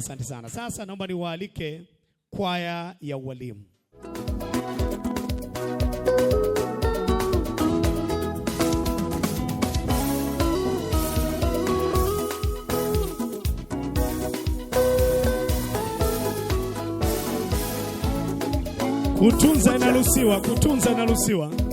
Asante sana. Sasa naomba niwaalike kwaya ya walimu. Kutunza inaruhusiwa, kutunza inaruhusiwa.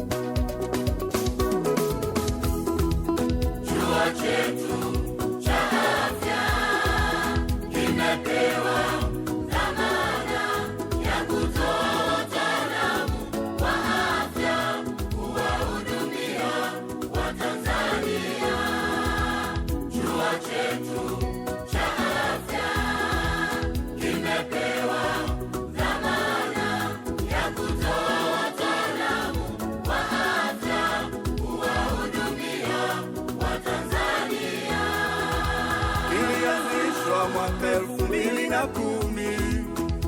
mwaka elfu mbili na kumi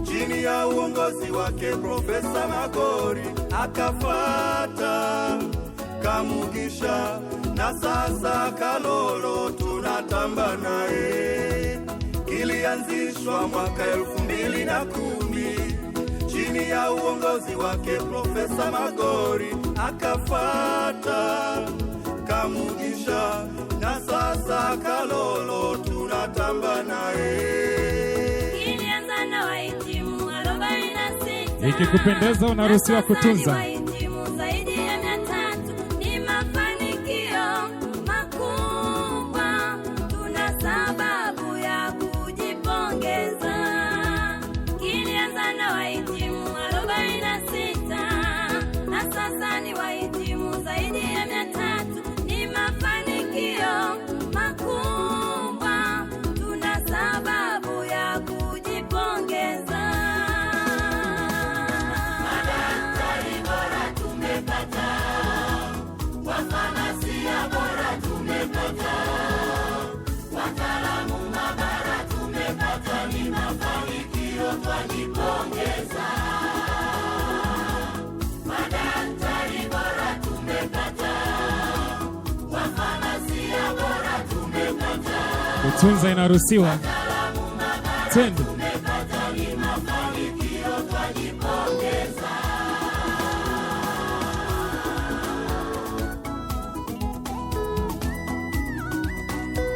chini ya uongozi wake Profesa Magori, akafata Kamugisha na sasa Kalolo tunatamba naye. Kilianzishwa mwaka elfu mbili na kumi chini ya uongozi wake Profesa Magori, akafata Kamugisha Ikikupendeza unaruhusiwa kutunza. Tunza inaruhusiwa. Twende.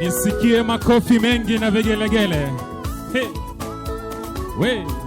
Nisikie makofi mengi na vegelegele Hey. We.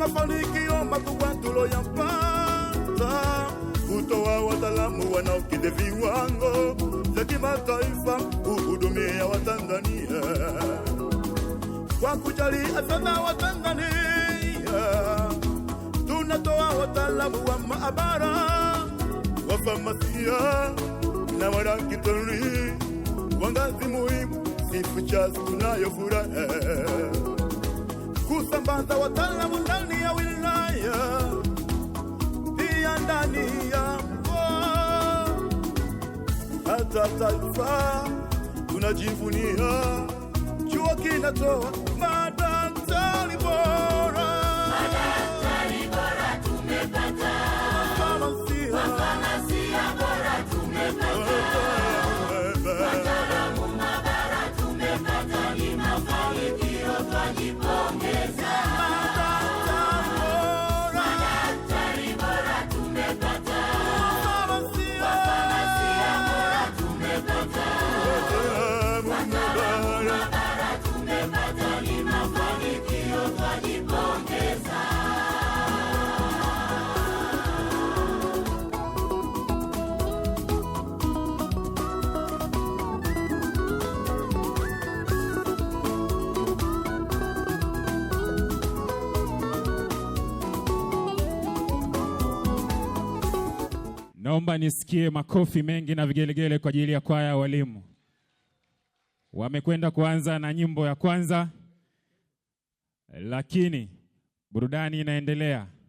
mafanikio makubwa tuloyapata kutoa wataalamu wanaokidhi viwango vya kimataifa kuhudumia Watanzania kwa kujali afya Watanzania. Tunatoa wataalamu wa maabara, wafamasia na wadaktari wa ngazi muhimu. Sifu chazi tunayo furaha kusambaza wataalamu ndani ya wilaya pia ndani ya mkoa. Hata taifa tunajivunia chuo kinatoa Naomba nisikie makofi mengi na vigelegele kwa ajili ya kwaya ya walimu. Wamekwenda kuanza na nyimbo ya kwanza, lakini burudani inaendelea.